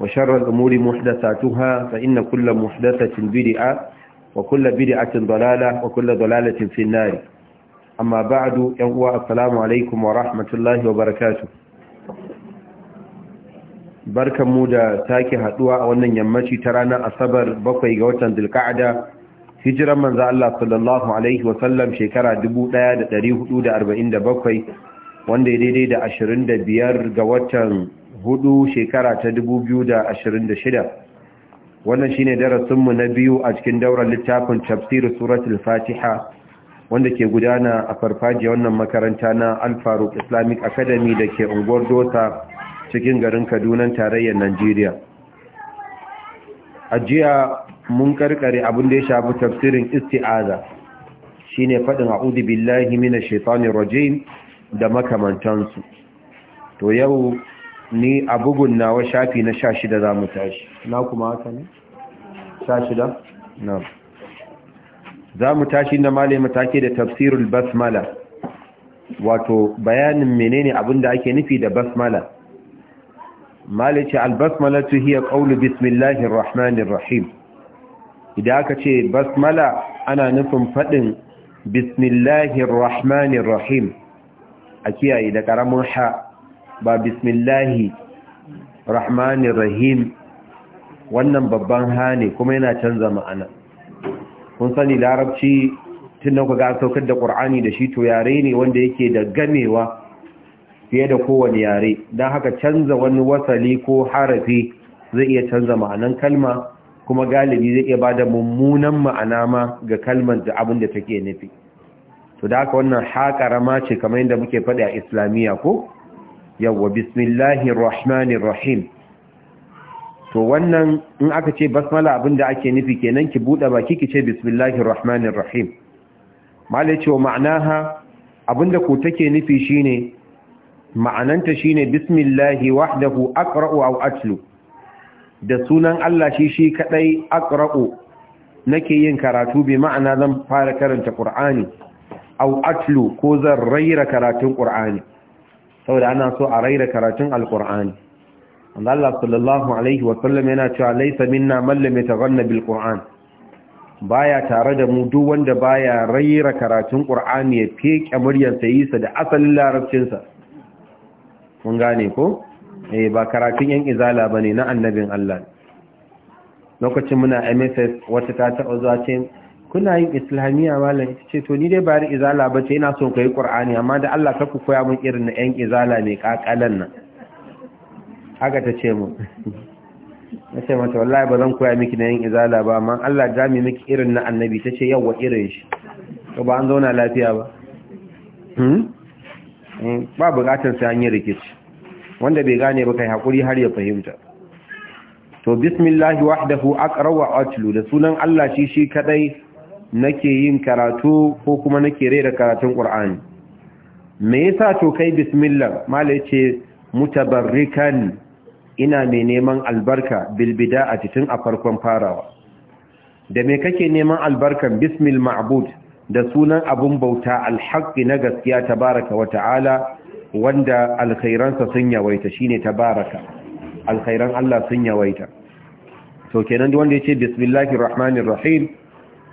وشر الأمور محدثاتها فإن كل محدثة بدعة وكل بدعة ضلالة وكل ضلالة في النار أما بعد يوم السلام عليكم ورحمة الله وبركاته barkan mu da sake haduwa a wannan yammaci ta ranar asabar bakwai ga watan zulka'ada hijiran manza Allah sallallahu alaihi wa sallam shekara 1447 wanda ya daidai da biyar ga watan hudu shekara ta da da ashirin shida, wannan shine darasinmu na biyu a cikin daurar littafin tafsirin suratul fatiha wanda ke gudana a farfajiyar wannan makaranta na alfaruk islamic academy da ke unguwar dosa cikin garin kaduna tarayyar najeriya a jiya mun karkare abin da ya shafi tafsirin isti'aza shine faɗin a'udhu billahi minash shaitanir rajim da makamantansu to yau ni a bugun nawa shafi na sha shida za mu tashi na kuma haka ne? sha shida? na za mu tashi na male matake da tafsirul basmala wato bayanin menene abin da ake nufi da basmala male ce albasmala tu hiya ƙaulu bismillahir rahmanir rahim idan aka ce basmala ana nufin faɗin bismillahir rahmanir rahim a kiyaye da ƙaramin ha ba bismillahi rahmanir rahim wannan babban hane kuma yana canza ma'ana kun sani larabci tun da kuka saukar da ƙur'ani da shi to yare ne wanda yake da gamewa fiye da kowane yare don haka canza wani wasali ko harafi zai iya canza ma'anan kalma kuma galibi zai iya ba da mummunan ma'ana ma ga kalmar da abin da take nufi to da haka wannan haƙarama ce kamar yadda muke faɗi a islamiyya ko yawwa bismillahir rahmanir rahim to wannan in aka ce basmala abinda ake nufi kenan ki bude baki ki ce bismillahi rahmanir rahim mala ce wa ma'anaha abinda ku take nufi shine ma'ananta shine bismillahi wahdahu aqra'u aw atlu da sunan Allah shi shi kadai aqra'u nake yin karatu bi ma'ana zan fara karanta qur'ani aw atlu ko zan raira karatun qur'ani saboda ana so a raira karatun alkur'ani wanda Allah sallallahu alaihi sallam yana cewa laisa minna man lam yataghanna bil qur'an baya tare da mu duk wanda baya raira karatun qur'ani ya feke muryar sa yi sa da asalin larabcin sa mun gane ko eh ba karatun yan izala bane na annabin Allah lokacin muna MSS wata ta taɓa zuwa ce kuna yin islamiyya malam ita ce to ni dai bari izala ba ce ina son kai qur'ani amma da Allah ka ku koya mun irin na yan izala mai kakalan nan haka ta ce mu na ce mata wallahi ba zan koya miki na yan izala ba amma Allah jami miki irin na annabi ta ce yawa irin shi to ba an zauna lafiya ba hmm? eh, ba bukatar sai an yi rikici wanda bai gane ba kai hakuri har ya fahimta to bismillahi wahdahu aqra wa atlu da sunan Allah shi shi kadai nake yin karatu ko kuma nake rera karatun ƙur'ani me yasa to kai bismillah mala yace mutabarrikan ina mai neman albarka bilbida a cikin a farkon farawa da me kake neman albarkan bismil ma'bud da sunan abun bauta alhaqqi na gaskiya tabaraka wata'ala wanda alkhairansa sun yawaita shine tabaraka alkhairan Allah sun yawaita to kenan duk wanda yace bismillahir rahmanir rahim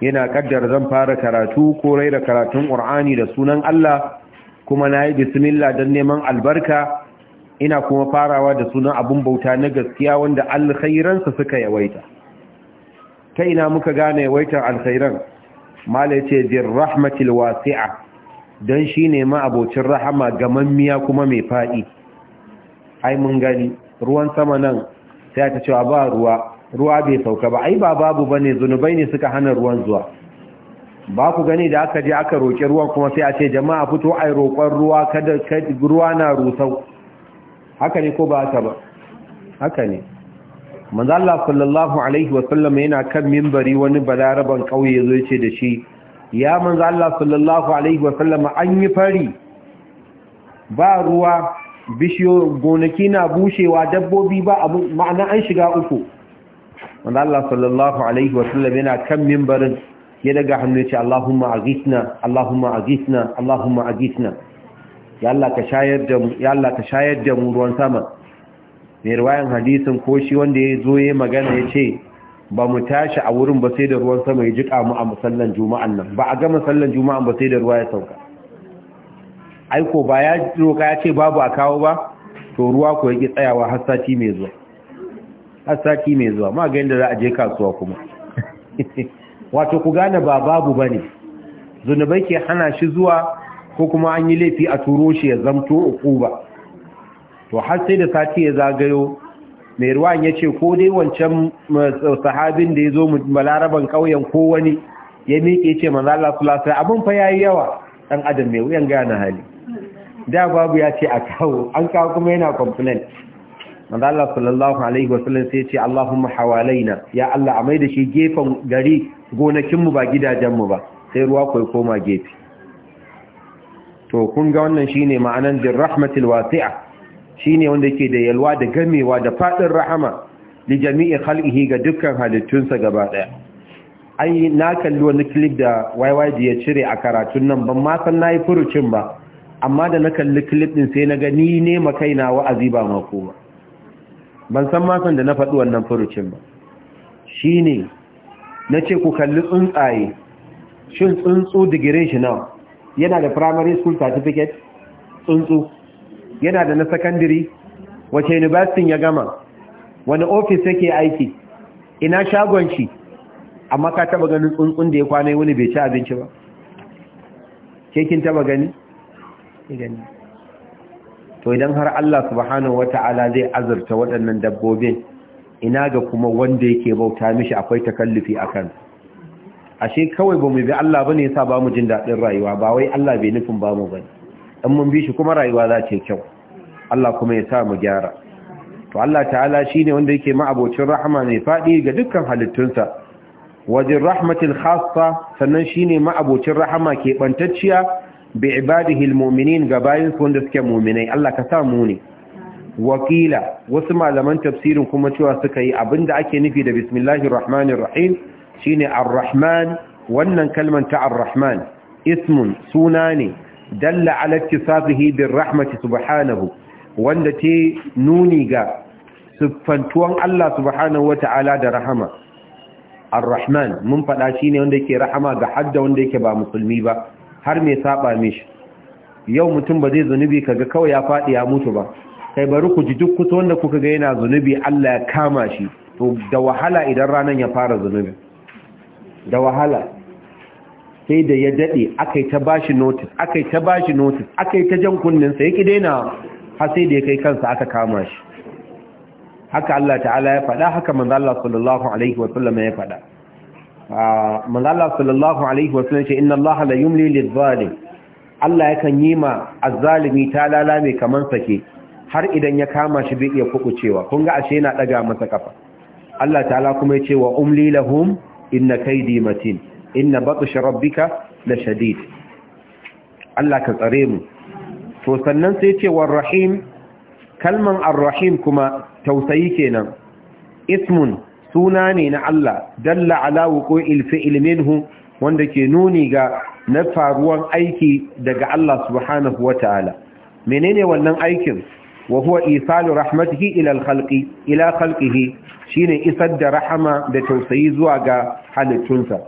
yana kaddar zan fara karatu ko raira karatun ƙur'ani da sunan Allah kuma na yi bismillah don neman albarka ina kuma farawa da sunan abun bauta na gaskiya wanda alkhairansa suka yawaita ta ina muka gane yawaitar alkhairan mala ce zir rahmatil wasi'a don shi ne ma abocin rahama gamammiya kuma mai faɗi ai mun gani ruwan sama nan sai ta cewa ba ruwa ruwa bai sauka ba ai ba babu bane zunubai ne suka hana ruwan zuwa ba ku gani da aka je aka roki ruwan kuma sai a ce jama'a fito ai roƙon ruwa kada ruwa na rusau haka ne ko ba haka ba haka ne manzo Allah sallallahu alaihi wasallam yana kan minbari wani balaraban kauye zo yace da shi ya manzo Allah sallallahu alaihi wasallam an yi fari ba ruwa bishiyo gonaki na bushewa dabbobi ba abu ma'ana an shiga uku wanda Allah sallallahu alaihi wa sallam yana kan mimbarin ya daga hannu ya ce Allahumma aghithna Allahumma aghithna Allahumma aghithna ya Allah ka shayar da mu ya Allah ka shayar da mu ruwan sama mai riwayan hadisin ko shi wanda ya zo ya magana ya ce ba mu tashi a wurin ba sai da ruwan sama ya jika mu a musallan juma'an nan ba a ga musallan juma'an ba sai da ruwa ya sauka aiko ba ya roka ya ce babu a kawo ba to ruwa ko yake tsayawa har sati mai zuwa har sati mai zuwa ma ga yadda za a je kasuwa kuma wato ku gane ba babu ba ne zunubai ke hana shi zuwa ko kuma an yi laifi a turo shi ya zamto ba. to har sai da sati ya zagayo mai ruwan ya ce ko dai wancan eh, sahabin da ya zo malaraban ƙauyen ko wani ya miƙe ce manzala sulasa abin fa ya yi yawa ɗan adam mai wuyan gane hali da babu ya ce a kawo an kawo kuma yana complaint manzo Allah sallallahu alaihi wasallam sai ya ce Allahumma hawalaina ya Allah amai da shi gefen gari gonakin mu ba gidajen mu ba sai ruwa ko koma gefe to kun ga wannan shine ma'anan bir rahmatil wasi'a shine wanda yake da yalwa da gamewa da fadin rahama li jami'i khalqihi ga dukkan halittunsa gaba daya ai na kalli wani clip da YYD ya cire a karatun nan ban ma san yi furucin ba amma da na kalli clip ɗin sai na ga ni ne makaina wa'azi ba makoma ban san masan da na faɗi wannan furucin ba shi ne na ce ku kalli tsuntsaye shin tsuntsu digirin shi nawa yana da primary school certificate tsuntsu yana da na secondary wace university ya gama wani ofis yake aiki ina shagon shi amma ka taba ganin tsuntsun da ya kwana wani bai ci abinci ba ke kin taba gani? gani to idan har Allah subhanahu wata'ala zai azurta waɗannan dabbobin ina ga kuma wanda yake bauta mishi akwai takallufi akan ashe kawai bamu bi Allah bane yasa ba mu jin dadin rayuwa ba wai Allah bai nufin ba mu bane in mun bi shi kuma rayuwa za ta kyau Allah kuma yasa mu gyara to Allah ta'ala shine wanda yake ma'abocin rahama mai fadi ga dukkan halittunsa wajin rahmatil khassa sannan shine ma'abocin rahama ke bantacciya bi ibadihi almu'minin ga bayin su wanda suke mu'minai Allah ka sa mu ne wakila wasu malaman tafsirin kuma cewa suka yi abinda ake nufi da bismillahir rahmanir rahim shine ar-rahman wannan kalman ta ar-rahman ismun suna ne dalla ala ittisafihi bir rahmati subhanahu wanda ce nuni ga siffantuwan Allah subhanahu wata'ala da rahama ar-rahman mun fada shine wanda yake rahama ga hadda wanda yake ba musulmi ba har mai saba mishi yau mutum ba zai zunubi kaga kawai ya faɗi ya mutu ba kai bari ku ji duk kusa wanda kuka ga yana zunubi Allah ya kama shi to da wahala idan ranar ya fara zunubi da wahala sai da ya dade yi ta bashi aka akai ta bashi aka yi ta jan kunnin ya yake daina har sai da ya kai kansa aka kama shi haka Allah ta'ala ya faɗa haka manzo sallallahu alaihi wa ya faɗa Ah, manzala sallallahu alaihi wasallam ce inna allaha la yumli zalim Allah yakan yi ma azzalimi ta lalame kaman sake har idan ya kama shi bai iya kukucewa kun ga ashe yana daga masa kafa Allah ta'ala kuma ya wa umli lahum inna kaydi matin inna batsh rabbika la shadid Allah ka tsare mu to sannan sai war rahim kalman arrahim kuma tausayi kenan ismun suna ne na Allah dalla ala wuqu'il fi'l minhu wanda ke nuni ga na faruwan aiki daga Allah subhanahu wataala menene wannan aikin wa huwa isalu rahmatihi ila al-khalqi ila khalqihi shine isar da rahama da tausayi zuwa ga halittunsa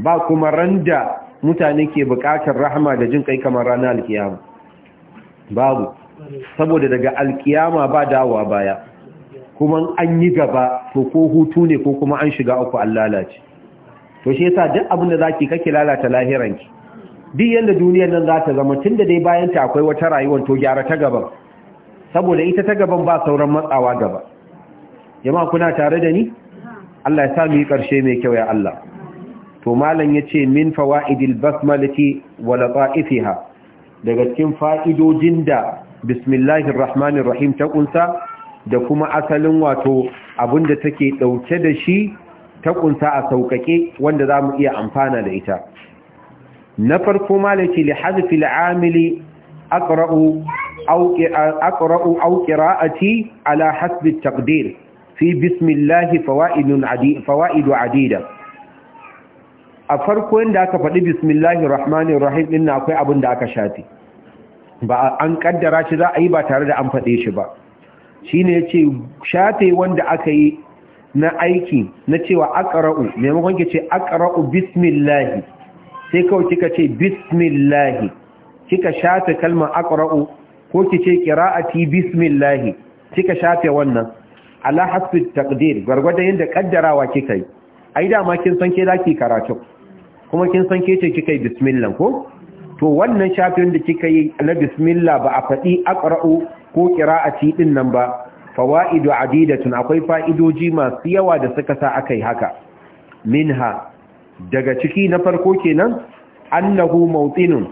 ba kuma randa mutane ke buƙatar rahama da jin kai kamar ranar alƙiyama? babu saboda daga alƙiyama ba dawowa baya kuma an yi gaba to ko hutu ne ko kuma an shiga uku an lalace to shi yasa duk abin da zaki kake lalata lahiranki duk yanda duniyar nan za ta zama tun da dai bayan ta akwai wata rayuwar to gyara ta gaban saboda ita ta gaban ba sauran matsawa gaba jama'a kuna tare da ni Allah ya sa mu yi karshe mai kyau ya Allah to malam yace min fawaidil basmalati wa ta'ifha daga cikin fa'idojin da bismillahir rahmanir rahim ta kunsa da kuma asalin wato abinda take dauke da shi ta kunsa a saukake wanda za mu iya amfana da ita na farko malaki li hazfi al'amili aqra'u aw aqra'u aw qira'ati ala hasbi taqdir fi bismillah fawaidun adi fawaidu adida a farko inda aka faɗi bismillahir rahmanir rahim din akwai abin da aka shafi. ba an kaddara shi za a yi ba tare da an faɗe shi ba Shi shine ce shafe wanda aka yi na aiki na cewa akara'u. maimakon ke ce akara'u bismillahi sai kawai kika ce bismillahi kika shafe kalmar akara'u? ko ki ce qira'ati bismillahi kika shafe wannan ala hasbi taqdir gargwada yanda kaddarawa kika yi ai dama kin san ke zaki karatu kuma kin san ke ce kika yi bismillah ko to wannan shafin da kika yi na bismillah ba a faɗi akara'u? ko ci ɗin nan ba fawaidu adidatun akwai fa'idoji masu yawa da suka sa aka yi haka minha daga ciki na farko kenan annahu mawtinun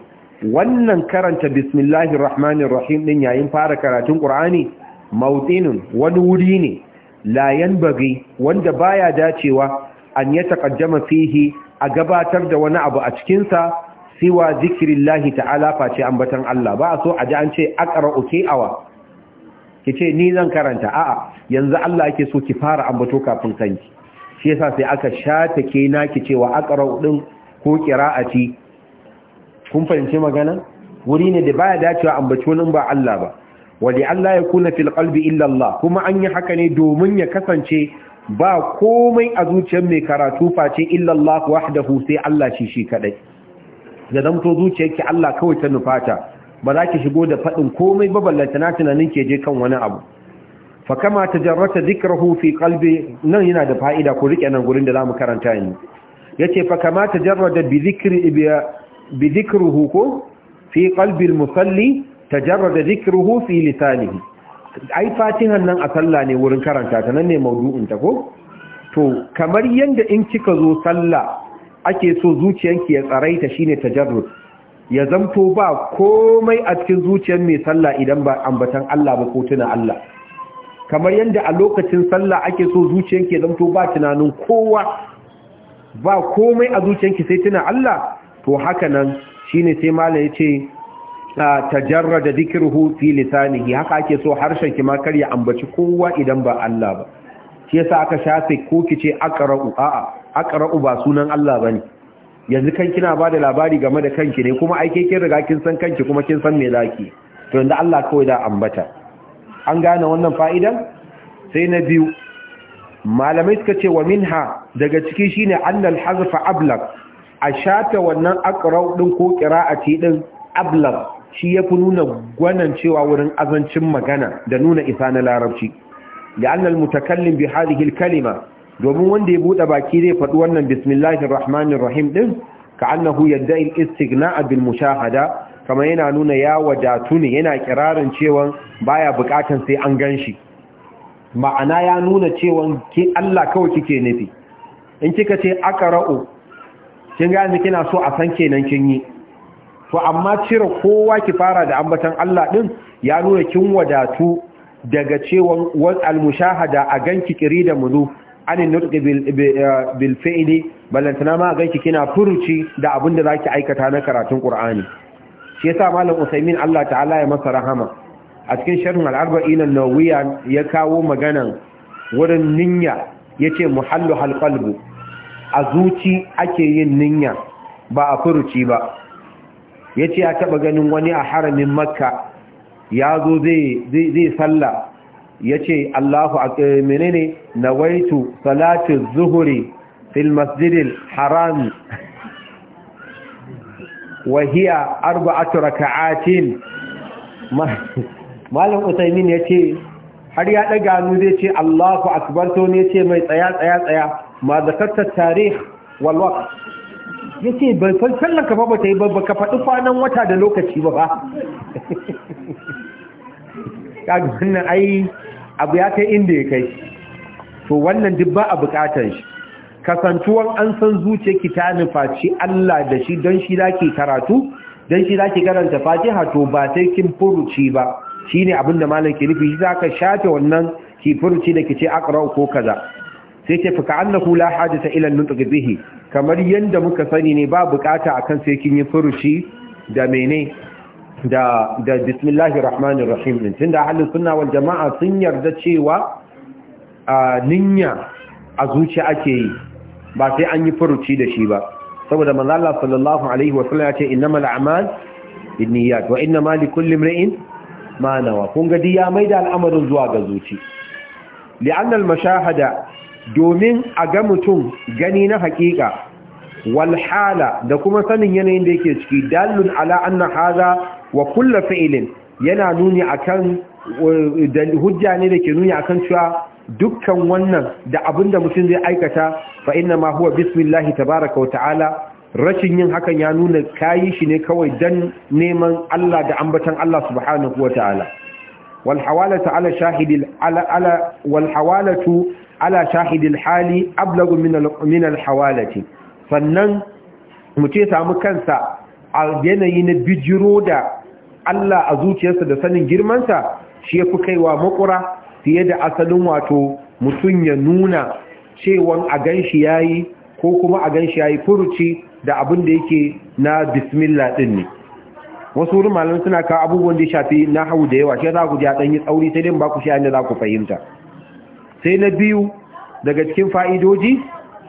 wannan karanta bismillahir rahmanir rahim din yayin fara karatun qur'ani mawtinun wani wuri ne la yanbaghi wanda baya dacewa an ya taƙaddama fihi a gabatar da wani abu a cikinsa. siwa zikirillahi ta'ala face ambatan Allah ba so a an ce aqra'u ki awa kice ni zan karanta a'a yanzu Allah yake so ki fara ambato kafin kanki shi yasa sai aka shata ke naki cewa aqra'u din ko qira'ati kun fahimci magana wuri ne da baya dacewa ambato nan ba Allah ba wali Allah ya kuna fil qalbi illa Allah kuma an yi haka ne domin ya kasance ba komai a zuciyar mai karatu face illa Allah wahdahu sai Allah shi shi kadai ya zamto zuciyarki Allah kawai ta nufata ba za ki shigo da faɗin komai ba balla tana tunanin ke je kan wani abu fa kama tajarrata dhikruhu fi qalbi nan yana da fa'ida ku rike nan gurin da zamu karanta ni yace fa kama tajarrada bi dhikri bi dhikruhu ko fi qalbi al-musalli tajarrada dhikruhu fi lisanihi ai fatihan nan a sallah ne wurin karanta ta nan ne mawdu'in ta ko to kamar yanda in kika zo sallah ake so zuciyanki ya tsaraita shine tajarrud ya zamto ba komai a cikin zuciyar mai sallah idan ba ambatan Allah ba ko tuna Allah kamar yadda a lokacin sallah ake so zuciyanki ya zamto ba tunanin kowa ba komai a zuciyanki sai tuna Allah to haka nan shine sai malam yace tajarrada dhikruhu fi lisanihi haka ake so harshen ki ma kar ya ambaci kowa idan ba Allah ba shi yasa aka shafe ko kice aqra'u a'a aqra'u ba sunan Allah bane yanzu kan kina ba da labari game da kanki ne kuma aike kin riga kin san kanki kuma kin san me zaki to yanzu Allah kawai da ambata an gane wannan fa'idan sai na biyu malamai suka ce wa minha daga ciki shine annal hazfa ablaq a shata wannan aqra'u din ko qira'ati din ablaq shi yafi nuna gwanan cewa wurin azancin magana da nuna isa na larabci ga annal mutakallim bi hadhihi al kalima domin wanda ya buɗe baki zai faɗi wannan bismillahir rahmanir rahim din ka annahu yadda'i istighna'a bil mushahada kama yana nuna ya wadatu ne yana kirarin cewa baya bukatan sai an ganshi ma'ana ya nuna cewa ki Allah kawai kike nufi in kika ce aqra'u kin ga ni kina so a san kenan kin yi to amma cire kowa ki fara da ambatan Allah din ya nuna kin wadatu daga cewa wal mushahada a ganki kiri da mulu anin nutqi bil eh, fi'li balantana ma ganki kina furuci da abin da zaki aikata na karatun qur'ani shi yasa malam usaimin Allah ta'ala ya masa rahama a cikin shirin al-arba'in an ya kawo maganan wurin ninya yace muhallu halqalbu a zuci ake yin ninya ba a furuci ba yace ya taba ganin wani a haramin makka ya zo zai zai sallah yace Allahu eh, menene nawaitu salatin zuhri fil masjidil haram wa hiya arba'atu raka'atin malam Usaimin ce har ya ɗaga nu zai ce Allahu akbar to ne ce mai tsaya tsaya tsaya ma zakarta tarih walwa. ya yace bai sallan kafa ba bata yi ba ka faɗi kwanan wata da lokaci ba ba abu ya kai inda ya kai to wannan duk ba a bukatar shi kasantuwan an san ki ta nufaci Allah da shi don shi ki karatu don shi ki karanta Fatiha to ba sai kin furuci ba shine abin da malam ke nufi shi za ka shafe wannan ki furuci da ki ce akara'u ko kaza sai ce fuka na hula hajata ila an-nutq zihi kamar yadda muka sani ne ba bukata akan sai kin yi furuci da mene da da bismillahir rahmanir rahim din tunda halin sunna wal jama'a sun yarda cewa ninya a zuciya ake yi ba sai an yi furuci da shi ba saboda manzo Allah sallallahu alaihi wa sallam ya ce innamal a'mal binniyat wa mali kulli imrin ma nawa kun ga ya maida al'amarin zuwa ga zuci al mashahada domin a ga mutum gani na hakika wal hala da kuma sanin yanayin da yake ciki dallun ala anna hadha wa kullu fi'lin yana nuni akan eh, hujja ne da ke nuni akan cewa dukkan wannan da abin da mutum zai aikata fa inna ma huwa bismillahi tabaaraka wa ta'ala rashin yin hakan ya nuna kayi shi ne kawai dan neman Allah da ambatan Allah subhanahu wa ta'ala wal hawalatu ala shahidil ala ala wal hawalatu ala shahidil hali ablagu min al min al hawalati sannan mu ce samu kansa a yanayi na bijiro da Allah a zuciyarsa da sanin girmansa shi ya fi kaiwa makura fiye da asalin wato mutum ya nuna cewan a gan shi ya yi ko kuma a gan shi ya yi furuci da abin da yake na bismillah din ne wasu wurin malam suna kawo abubuwan da ya shafi na hau da yawa shi za ku ji a ɗanyi tsauri sai dai ba ku shi da za ku fahimta sai na biyu daga cikin fa'idoji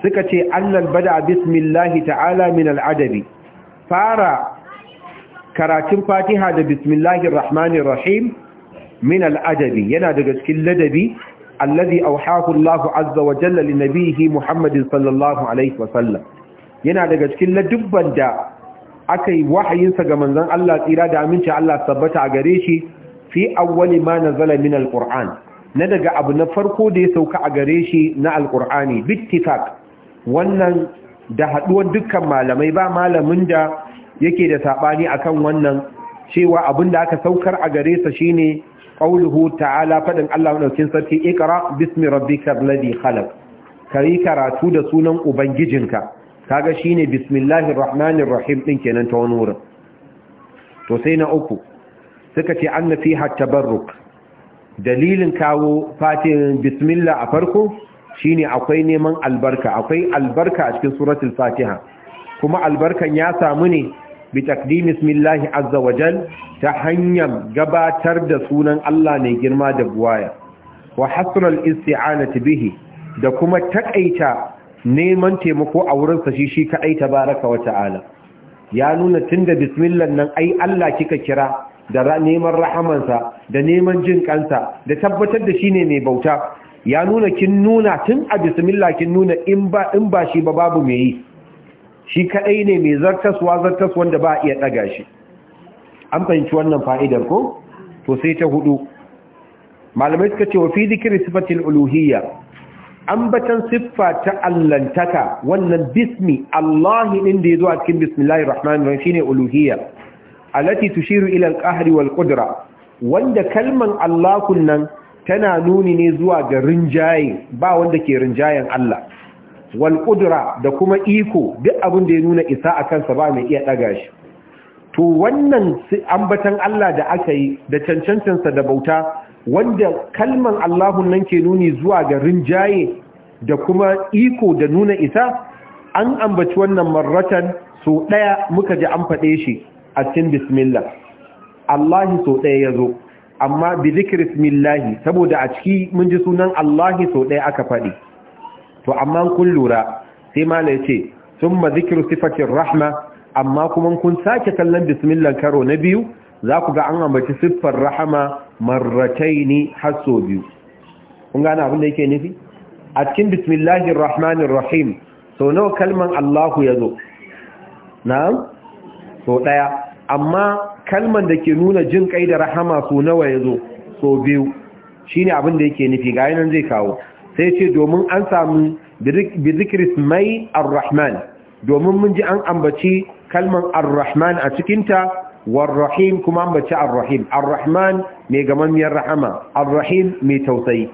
suka ce annal bada bismillahi ta'ala min al'adabi fara karatun fatiha da bismillahir rahmanir rahim min al'adabi yana daga cikin ladabi allazi auhahu Allah azza wa jalla li nabihi Muhammadin sallallahu alaihi wa sallam yana daga cikin ladubban da aka yi wahayinsa ga manzon Allah tsira da aminci Allah tabbata a gare shi fi awwali ma nazala min alquran na daga abu na farko da ya sauka a gare shi na alqur'ani bittifaq wannan da haduwar dukkan malamai ba malamin da yake da sabani akan wannan cewa abin da aka saukar a gare sa shine qauluhu ta'ala fadin Allah daukin sarki ikra bismi rabbikal ladhi khalaq kai karatu da sunan ubangijinka kaga shine bismillahir rahmanir rahim din kenan ta wani to sai na uku suka ce anna fiha tabarruk dalilin kawo fatin bismillah a farko shine akwai neman albarka akwai albarka a cikin suratul fatiha kuma albarkan ya samu ne bi takdimi bismillah azza wa jal ta hanyar gabatar da sunan Allah ne girma da buwaya wa al isti'anati bihi da kuma takaita neman taimako a wurin sa shi shi kaɗai, tabaraka wa ta'ala ya nuna tunda bismillah nan ai Allah kika kira da neman sa da neman jin kansa da tabbatar da shine mai bauta ya nuna kin nuna tun a bismillah kin nuna in ba in ba shi ba babu mai yi shi kaɗai ne mai zartaswa zartas wanda ba a iya daga shi an fahimci wannan fa'idar ko to sai ta hudu malamai suka ce wa fi zikri sifatil uluhiyya ambatan siffa ta allantaka wannan bismi Allahi, din da ya a cikin bismillahir rahmanir rahim shine uluhiyya allati tushiru ila al-qahri wal qudra wanda kalman Allah kunnan tana nuni ne zuwa ga rinjaye ba wanda ke rinjayen Allah wal kudura da kuma iko duk abin da ya nuna isa a kansa ba mai iya daga shi to wannan ambatan Allah da aka yi da cancancinsa da bauta wanda kalman Allahu nan ke nuni zuwa ga rinjaye da kuma iko da nuna isa an ambaci wannan marratan so ɗaya muka ji an faɗe shi a cikin bismillah Allah so ya zo. amma bi zikri saboda a ciki mun ji sunan Allah so ɗaya aka faɗi to amma kun lura sai mala ya ce sun ma zikiru sifatin rahma amma kuma kun sake kallon bismillah karo na biyu za ku ga an ambaci siffar rahama marratai ne so biyu kun gane abin da yake nufi a cikin bismillahir rahmanir rahim sau nawa kalman allahu ya zo na'am sau ɗaya amma kalman da ke nuna jin kai da rahama so nawa ya zo sau biyu shine abin da yake nufi ga yanar zai kawo sai ce domin an samu bi zikiris mai ar domin mun ji an ambaci kalman ar-rahman a cikinta war-rahim kuma ambaci ar-rahim ar-rahman mai gamammiyar rahama ar-rahim mai tausayi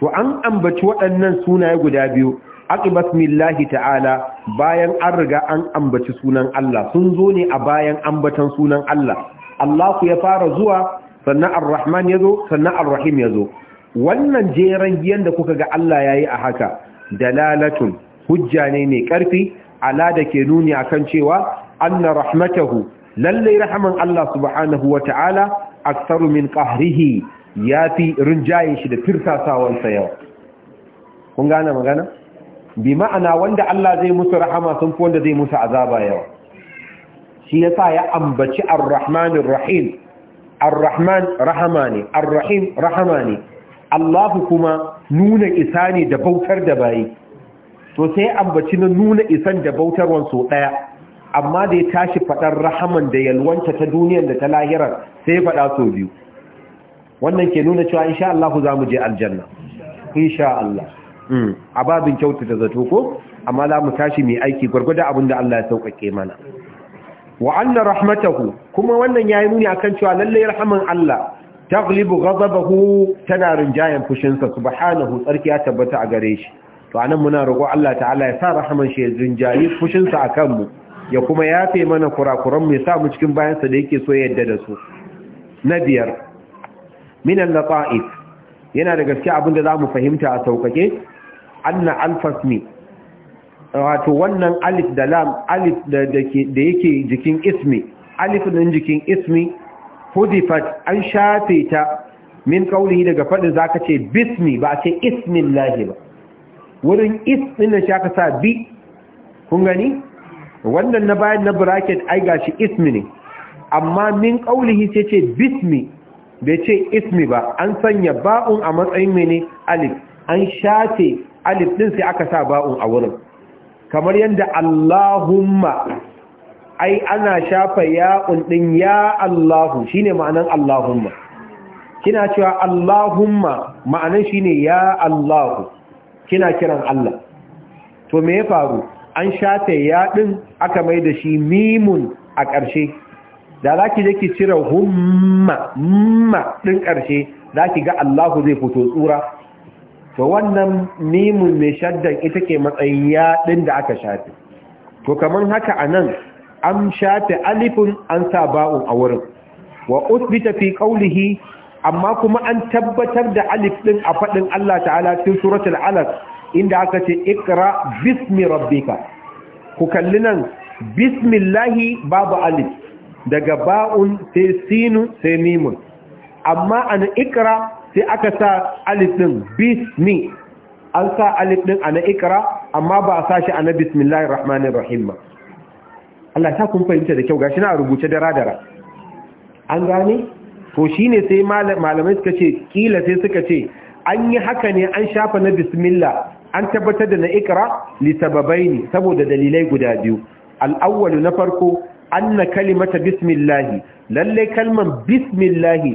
to an ambaci waɗannan sunaye guda biyu aqibas basmiLlahi ta'ala bayan an riga an ambaci sunan Allah sun zo ne a bayan ambatan sunan Allah Allah ku ya fara zuwa sannan ar-rahman yazo sannan ar-rahim yazo wannan jeran giyan da kuka ga Allah ya yi a haka dalalatun hujja ne mai ƙarfi, ala da ke nuni a kan cewa anna rahmatahu Lallai rahman Allah subhanahu wata'ala tsarumin min ya yafi rinjaye shi da firtasawan yau kun gane magana bi ma'ana wanda Allah zai musu rahama sun fi wanda zai musu azaba yau shi ya sa ya ambaci ar-rahmanir rahim ar-rahman rahama ne ar-rahim rahama ne Allahu kuma nuna isa ne da bautar da bayi to sai ambaci na nuna isan da bautarwan so daya amma da ya tashi fadar rahaman da yalwanta ta duniyar da ta lahirar sai fada so biyu wannan ke nuna cewa insha Allah za mu je aljanna insha Allah hmm. a babin kyautata zato ko amma za mu tashi mai aiki gwargwada abin da Allah ya sauƙaƙe mana wa anna rahmatahu kuma wannan yayi nuni akan cewa lalle rahaman Allah taglibu ghadabahu tana rinjayen fushinsa subhanahu tsarki ya tabbata a gare shi to anan muna roƙo Allah ta'ala ya sa rahaman shi ya rinjayi fushinsa akan mu ya kuma yafe mana kurakuran mu ya sa mu cikin bayansa da yake so yadda da su na biyar min al yana da gaske abin da zamu fahimta a saukake anna al-fasmi wato wannan alif da lam alif da yake jikin ismi alif din jikin ismi hudifat an shafe ta min kaulihi daga faɗin zaka ce bismi ba ce ismillahi ba wurin ismin da shaka sa bi kun gani wannan na bayan na bracket ai gashi ismi ne amma min kaulihi sai ce bismi bai ce ismi ba an sanya ba'un a matsayin mene alif an shafe alif din sai aka sa ba'un a wurin kamar yadda allahumma ai ana shafa ya'un ɗin ya Allahu shine ma'anan Allahumma kina cewa Allahumma ma'anan shine ya Allahu kina kiran Allah to me ya faru an shafe ya ɗin aka mai da shi mimun a ƙarshe da za ki ki cire humma mma ɗin ƙarshe za ki ga Allahu zai fito tsura to wannan mimun mai shaddan ita ke matsayin ya ɗin da aka shafe to kamar haka anan. an shafe alifin an sa ba'un a wurin wa usbita fi qawlihi amma kuma an tabbatar da alif din a fadin Allah ta'ala cikin suratul alaq inda aka ce ikra bismi rabbika ku kalli nan bismillahi babu alif daga ba'un sai sinu sai mimun amma an ikra sai aka sa alif din bismi an sa alif din ana ikra amma ba a sa shi ana bismillahir rahmanir rahim ba Allah ta kun fahimta da kyau gashi na rubuce dara dara an gane to shine sai malamai suka ce kila sai suka ce an yi haka ne an shafa na bismillah an tabbatar da na ikra li sababaini saboda dalilai guda biyu al na farko anna kalimata bismillah lalle kalman bismillah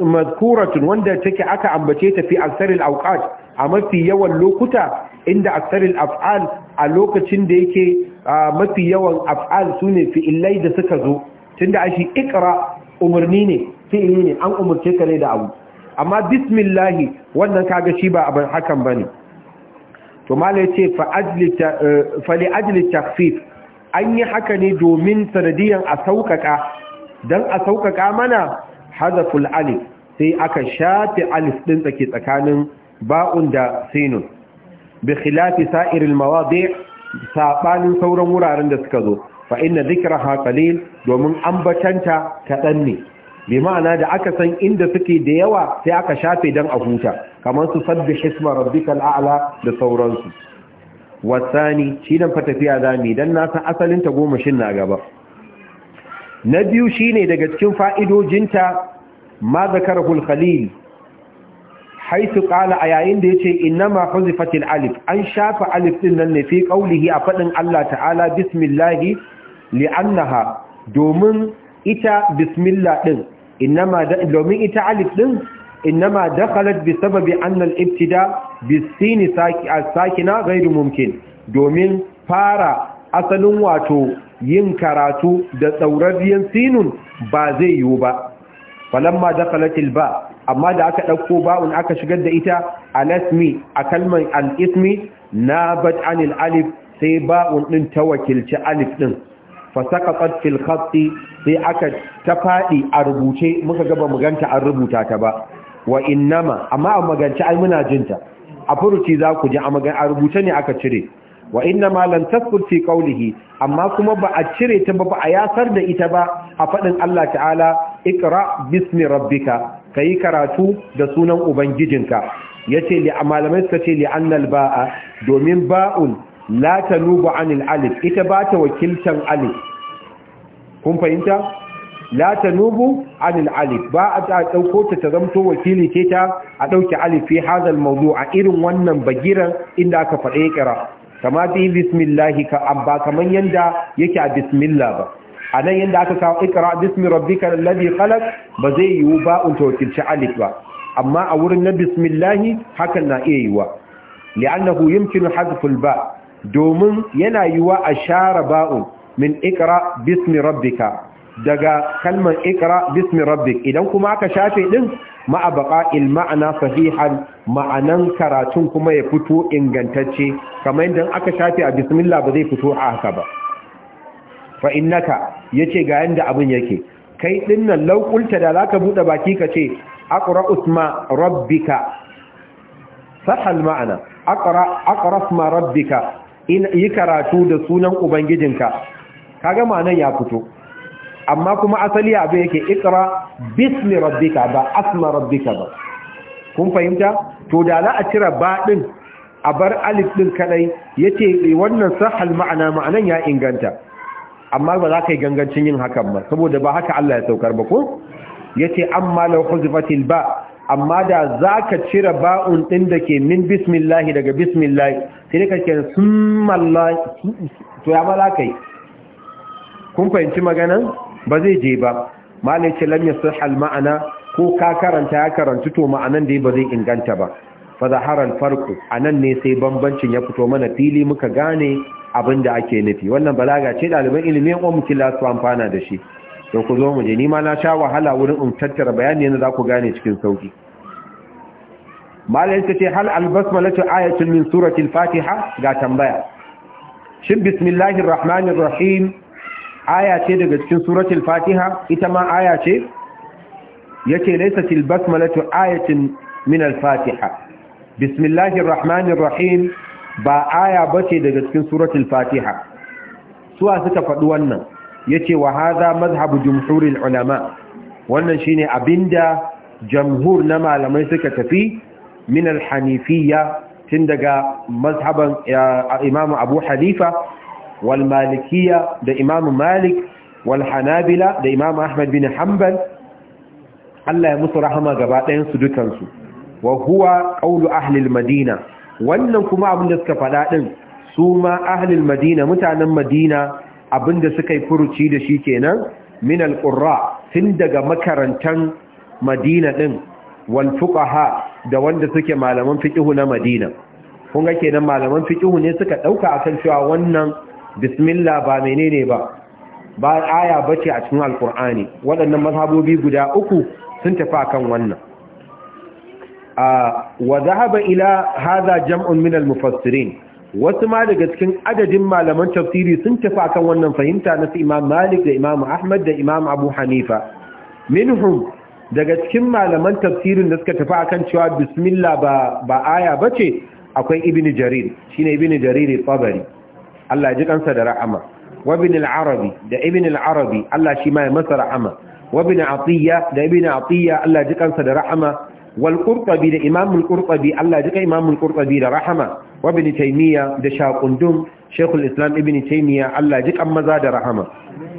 mazkuratun wanda take aka ambace ta fi aksaril awqat a mafi yawan lokuta inda aksaril af'al a lokacin da yake mafi yawan af'al sune fi'ilai da suka zo tunda ashi ikra umarni ne fi'ili ne an umarce ka ne da abu amma bismillah wannan kaga shi ba abin hakan bane to malai ce fa ajli e, fa li ajli takhfif an yi haka ne domin sanadiyan a saukaka dan a saukaka mana hazaful alif sai aka shafe alif din tsaki tsakanin ba'un da sinun bi khilafi sa'iril mawadi' sabanin sauran wuraren da suka zo fa inna dhikraha qalil domin ambatanta kadan ne bi ma'ana da aka san inda suke da yawa sai aka shafe dan a huta kamar su sabbi hisma rabbikal a'la da sauransu wasani shi dan fa tafiya zami dan na san asalin ta goma shin na gaba na biyu shine daga cikin fa'idojinta ma zakarahul khalil haisu ƙala a yayin da yace innama huzifatil alif an shafa alif din nan ne fi ƙaulihi a faɗin Allah ta'ala bismillahi li'annaha domin ita bismillah din domin ita alif din innama dakhalat bi sababi annal al-ibtida bisini sakina gairu mumkin domin fara asalin wato yin karatu da tsaurariyan sinun ba zai yiwu ba falamma dakhalatil ba amma da aka dauko ba'un aka shigar da ita alasmi a kalman al-ismi nabat anil alif sai ba'un din ta wakilci alif din fasaqat fil khatti sai aka ta fadi a rubuce muka ga ba mu ganta an rubuta ta ba wa innama amma a magance ai muna jinta a furuci za ku ji a rubuce ne aka cire wa inna ma lan fi amma kuma ba a cire ta ba ba a yasar da ita ba a faɗin Allah ta'ala ikra bismi rabbika yi karatu da sunan ubangijinka yace li Malamai suka ce li annal ba'a domin ba'un la tanubu anil alif ita ba ta wakiltan alif kun fahimta la nubu anil alif ba a ta dauko ta ta zamto wakili ce ta a dauki alif fi hadal mawdu' a irin wannan bagiran inda aka faɗe kira kama yi bismillahi ka abba kaman yanda yake a bismillah ba a nan yanda aka kawo ikra bismi rabbika alladhi khalaq ba zai yiwu ba un wakilci alif ba amma a wurin na bismillahi hakan na iya yiwa li'annahu yumkinu hadful ba domin yana yiwa a share ba'un min ikra bismi daga kalmar ikra bismi rabbik idan kuma aka shafe din ma'a baqa'il ma'ana sahihan ma'anan karatun kuma ya fito ingantacce kamar idan aka shafe a bismillah ba zai fito a haka ba fa innaka yace ga yanda abin yake kai dinnan laukulta da zaka bude baki ka kace aqra usma rabbika sahal ma'ana aqra aqra usma rabbika in yi karatu da sunan ubangijinka kaga ma'anan ya fito amma kuma asali abu yake ikra bismi rabbika ba asma rabbika ba kun fahimta to da za a cira ba din a bar alif din kadai yace e, wannan sahal ma'ana ma'anan ya inganta amma ba za ka yi gangancin yin hakan ba saboda ba haka Allah ya saukar ba ko yace amma law huzifatil ba amma da za ka cire ba'un ɗin da ke min bismillah daga bismillah sai ka ke sun to ya mala kai kun fahimci maganan ba zai je ba malai ce lam yasihal ma'ana ko ka karanta ya karantu to ma'anan da ba zai inganta ba fa zaharal farqu anan ne sai bambancin ya fito mana fili muka gane abin da ake nufi wannan balaga ce ɗaliban ilimin umu su amfana da shi to ku zo mu je ni ma na sha wahala wurin in tattara bayani yanzu za ku gane cikin sauki malayin ta ce hal ta ayatul min suratul fatiha ga tambaya shin bismillahir rahmanir rahim aya ce daga cikin suratul fatiha ita ma aya ce yace til basmalatu ayatin min al-fatiha bismillahir rahmanir rahim ba aya bace daga cikin suratul fatiha suwa suka faɗi wannan yace wa hadha mazhabu jumhuril ulama wannan shine abinda jamhur na malamai suka tafi min al-hanifiyya tun daga mazhaban imamu abu hanifa wal da imam malik wal hanabila da imam ahmad bin hanbal Allah ya musu rahama gaba su dukansu Wahuwa ƙaulu ahlil madina wannan kuma abin da suka faɗa din su ma ahli madina mutanen madina abin da suka yi furuci da shi kenan min al tun daga makarantan madina din wal fuqaha da wanda suke malaman fiqhu na madina kun ga kenan malaman fiqhu ne suka dauka akan cewa wannan bismillah ba menene ba ba aya bace a cikin alkur'ani waɗannan mazhabobi guda uku sun tafi akan wannan wa zahaba ila hadha jam'un min al-mufassirin wasu ma daga cikin adadin malaman tafsiri sun tafi akan wannan fahimta na Imam Malik da Imam Ahmad da Imam Abu Hanifa minhum daga cikin malaman tafsirin da suka tafi akan cewa bismillah ba ba aya bace akwai ibnu jarir shine ibnu jarir tabari Allah ji kansa da ra'ama. wa al-arabi da ibn al-arabi Allah shi ma ya masa ra'ama. wa ibn atiya da ibn atiya Allah ji kansa da ra'ama. wal qurtubi da imam al-qurtubi Allah ji kai imam al-qurtubi da rahama wa ibn taymiya da shaqundum shaykh al-islam ibn taymiya Allah ji kan maza da rahama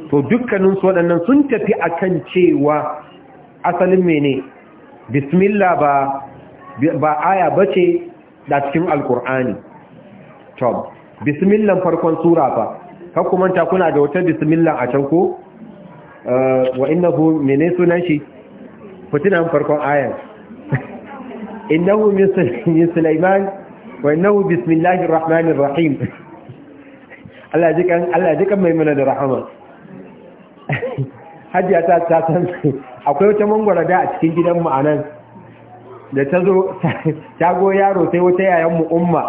to dukkanin su waɗannan sun tafi akan cewa asalin mene bismillah ba ba aya bace da cikin alqur'ani to bismillan farkon sura fa ka kuma kuna da wata bismillan a can ko eh, wa innahu mene sunan shi fitinan farkon ayan innahu min sulaiman wa innahu bismillahir rahmanir rahim Allah jikan Allah jikan maimuna da rahama hajiya ta ta san akwai wata mangwara da a cikin gidan mu anan da ta zo ta go yaro sai wata yayan mu umma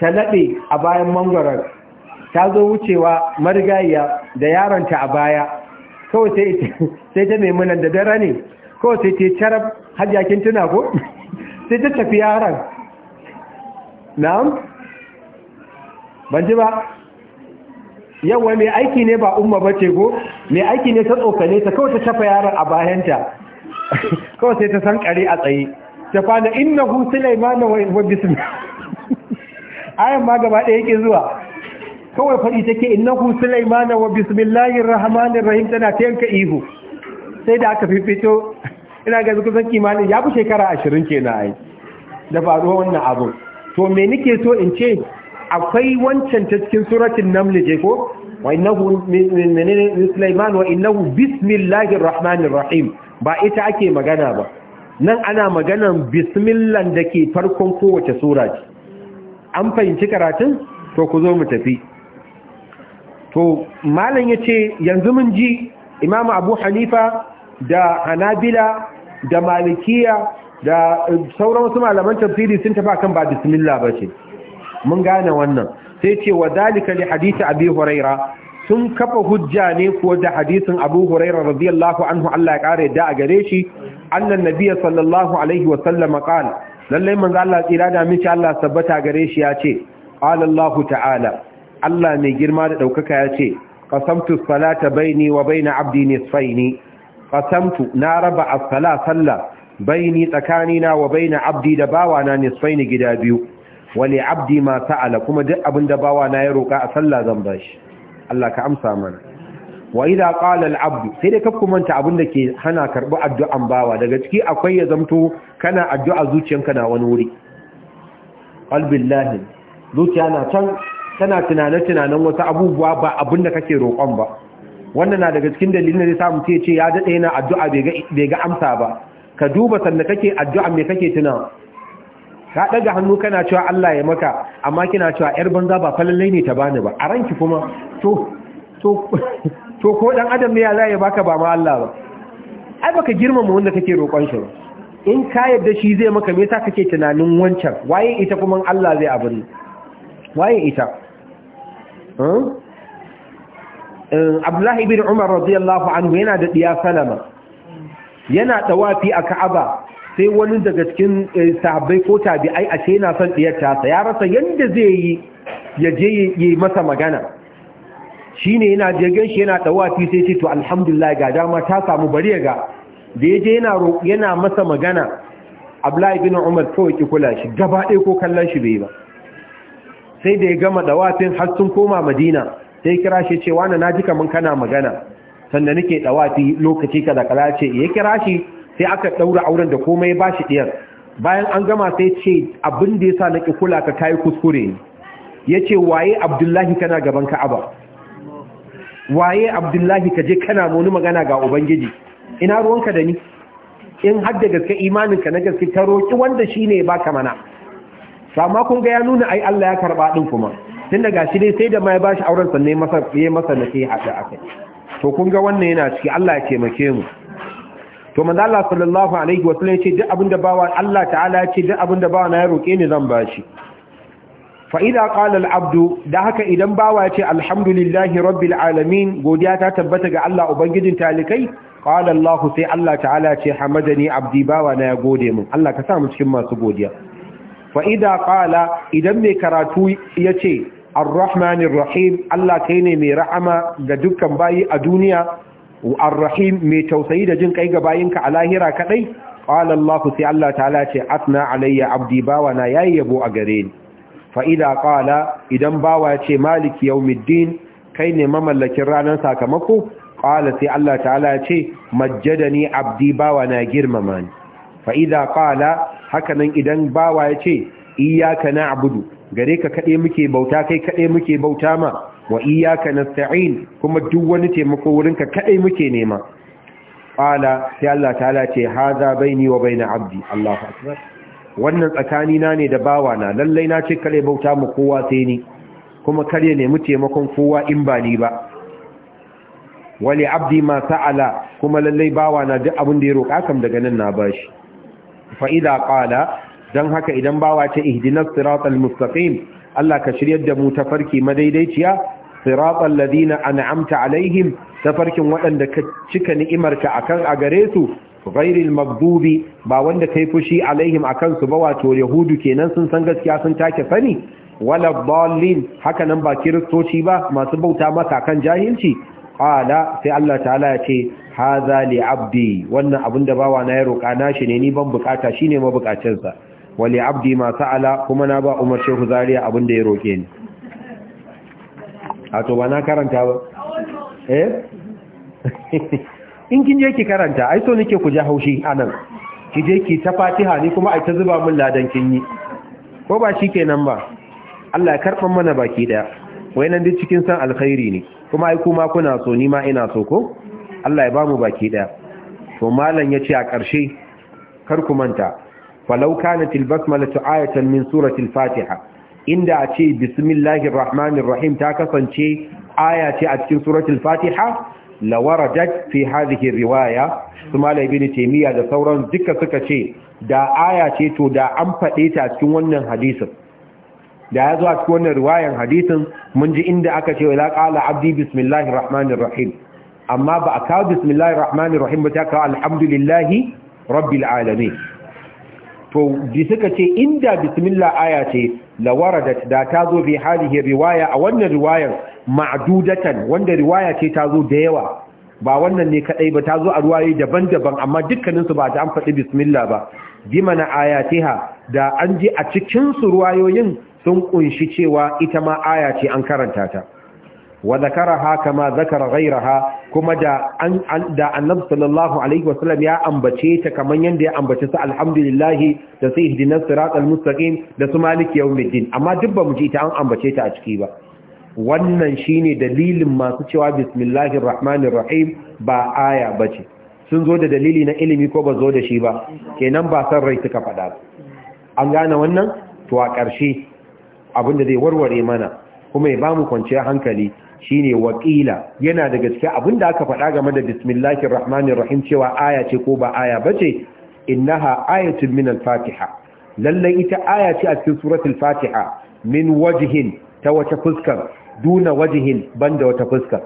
ta laɓe a bayan mangwaron ta zo wucewa marigayiya da yaronta a baya kawai sai ta nan da dare ne kawai sai ta yi carar hajjakin tuna ko sai ta tafi yaron na'am ban ji ba yawon mai aiki ne ba umma ba ce ko mai aiki ne ta tsokane ta kawai ta tafa yaron a bayanta kawai sai ta san kare a tsaye ta fana hu sulaimana wa bismillah ayan ma gaba ɗaya yake zuwa kawai faɗi take innahu sulaimana wa bismillahir rahmanir rahim tana ta yanka ihu sai da aka fifito ina ga kusan kimanin ya fi shekara ashirin kenan ai da faruwa wannan abu to me nake so in ce akwai wancan ta cikin suratul naml je ko wa innahu menene sulaiman wa innahu bismillahir rahmanir rahim ba ita ake magana ba nan ana maganan bismillah da ke farkon kowace sura ce an fahimci karatun to ku zo mu tafi to malam ya ce yanzu mun ji imam abu hanifa da hanabila da malikiya da eh, sauran wasu malaman tafsiri sun tafi kan ba bismillah ba ce mun gane wannan sai ce wa dalika li hadisi abi huraira sun kafa hujja ne kuwa da hadisin abu huraira radiyallahu anhu Allah ya kare da a gare shi annan nabiyya sallallahu alaihi wa sallama qala lallai manzo Allah tsira da miki Allah sabbata gare shi ya ce alallahu ta'ala Allah mai girma da daukaka ya ce qasamtu salata baini wa baina abdi nisfaini qasamtu na raba as-sala salla baini tsakanina wa baina abdi da bawa bawana nisfaini gida biyu wa li abdi ma sa'ala kuma duk abin da na ya roka a salla zan bashi Allah ka amsa mana wa idza qala al-abd sai dai kakku manta abin da ke hana karbi addu'an bawa daga ciki akwai ya zamto kana addu'a zuciyanka na wani wuri qalbillahi zuciya na can tana tunane tunanen wasu abubuwa ba abin da kake roƙon ba wannan na daga cikin dalilin da sa samu ce ya dade yana addu'a bai ga amsa ba ka duba sanda kake addu'a me kake tuna ka daga hannu kana cewa Allah ya maka amma kina cewa yar banza ba falallai ne ta bani ba a ranki kuma to to to ko dan adam ne ya baka ba ma Allah ba ai baka girmama wanda kake roƙon shi ba in ka yadda shi zai maka me yasa kake tunanin wancan waye ita kuma Allah zai abin waye ita hmm? eh, Abdullahi Ibn Umar radiyallahu anhu yana da diya salama yana tawafi a Ka'aba sai wani daga cikin eh, sahabbai ko tabi'ai a ce yana son diyar tasa ya rasa yanda zai yi ya je yi masa magana Shi ne yana jirgin shi yana dawafi sai ce to alhamdulillah ga dama ta samu bari ga da ya je yana masa magana Abdullahi bin Umar kawai ki kula shi gaba ɗaya ko kallon shi bai ba sai da ya gama ɗawafin har sun koma Madina sai kira shi ce wani na ji mun kana magana sannan nake ɗawafi lokaci kaza kala ce ya kira shi sai aka ɗaura auren da komai ba shi ɗiyar bayan an gama sai ce abin da na ki kula ka kayi kuskure Ya ce waye Abdullahi kana gaban Ka'aba waye abdullahi ka je kana wani magana ga ubangiji ina ruwanka da ni in har da gaske imaninka na gaske ta roƙi wanda shi ne baka mana amma kun ga ya nuna ai Allah ya karɓa ɗin kuma tun daga shi dai sai da ma ya bashi auren sannan masa ya masa nasiha ta aka to kun ga wannan yana ciki Allah ya taimake mu to manzo Allah sallallahu alaihi wa ya ce duk da bawa Allah ta'ala ya ce duk da bawa na ya roƙe ni zan bashi fa'ida ƙalal abdu da haka idan bawa ce alhamdulillahi rabbil alamin godiya ta tabbata ga Allah Ubangijin talikai ƙalal Allah sai Allah ta'ala ce hamadani abdi bawa na ya gode mun Allah ka samu cikin masu godiya fa'ida ƙala idan mai karatu ya ce arrahmanir rahim Allah kai ne mai ra'ama ga dukkan bayi a duniya arrahim mai tausayi da jin kai ga bayinka a lahira kaɗai ƙalar Allah sai Allah ta'ala ce asna alayya abdi bawa na yayi yabo a gare ni fa'ida ƙala idan bawa ya ce maliki yaumiddin kai ne mamallakin ranar sakamako ƙala sai Allah ta'ala ya ce majjada ni abdi bawa na girmama ni fa'ida ƙala hakanan idan bawa ya ce iyaka na abudu gare ka kaɗe muke bauta kai kaɗe muke bauta ma wa iyaka na sa'in kuma duk wani taimako wurinka kaɗe muke nema ƙala sai Allah ta'ala ce haza ni wa baina abdi Allah wannan tsakani na ne da bawa na lallai na ce kare bauta mu kowa sai ni kuma kare nemi taimakon kowa in ba ni ba wali abdi ma sa'ala kuma lallai bawa na duk abin da ya roƙa kam daga nan na bashi fa idza qala dan haka idan bawa ce ihdinas siratal mustaqim Allah ka shiryar da mu tafarki madaidaiciya siratal ladina an'amta alaihim tafarkin waɗanda ka cika ni'imarka akan a gare su ghairil maghdubi ba wanda kai fushi alaihim akan su ba wato yahudu kenan sun san gaskiya sun take sani wala dallin haka nan ba kiristoci ba masu bauta maka kan jahilci Ala sai Allah ta'ala ya ce haza li abdi wannan abin da bawa na ya roka nashi ne ni ban bukata shine mabukacin sa wali abdi ma sa'ala kuma na ba Umar Shehu Zaria abin da ya roke ni a to ba na karanta ba eh in kin je ki karanta ai so nake ku ji haushi anan ki je ki ta fatiha ne kuma ai ta zuba min ladan kin yi ko ba shikenan ba Allah ya karban mana baki Wai wayannan duk cikin san alkhairi ne kuma ai kuma kuna so ni ma ina so ko Allah ya bamu baki daya to malam yace a ƙarshe kar ku manta falau kanat albasmalatu ayatan min surati fatiha inda a ce bismillahir rahmanir rahim ta kasance aya ce a cikin suratul fatiha lawaradat fi hadhihi riwaya kuma ibn taymiya da sauran duka suka ce da aya ce to da an fade ta cikin wannan hadisin da ya zo a cikin wannan riwayan hadisin mun ji inda aka ce idza qala abdi bismillahir rahmanir rahim amma ba aka bismillahir rahmanir rahim ba ta ka alhamdulillahi rabbil alamin to di suka ce inda bismillah aya ce lawaradat da ta zo bi halihi riwaya a wannan riwayar ma'dudatan wanda riwaya ce ta zo da yawa ba wannan ne kadai ba ta zo a riwayoyi daban-daban amma dukkanin su ba ta an faɗi bismillah ba gimana ayatiha da an ji a cikin su riwayoyin sun kunshi cewa ita ma aya ce an karanta ta wa zakaraha kama zakara ha, kuma da an da annabi sallallahu alaihi wasallam ya ambace ta kaman yanda ya ambace su alhamdulillah da sai ihdinas siratal mustaqim da su maliki yawmiddin amma duk ba mu ji ta an ambace ta a ciki ba wannan shine dalilin masu cewa bismillahir rahmanir rahim ba aya bace sun zo da dalili na ilimi ko ba zo da shi ba kenan ba san rai suka faɗa an gane wannan to a ƙarshe abinda zai warware mana kuma ya bamu kwanciyar hankali shine waqila yana daga cikin abinda aka faɗa game da bismillahir rahmanir rahim cewa aya ce ko ba aya bace innaha ayatun min al-fatiha lallai ita aya ce a cikin suratul fatiha min wajhin ta wata fuskar duna wajhin banda wata fuskar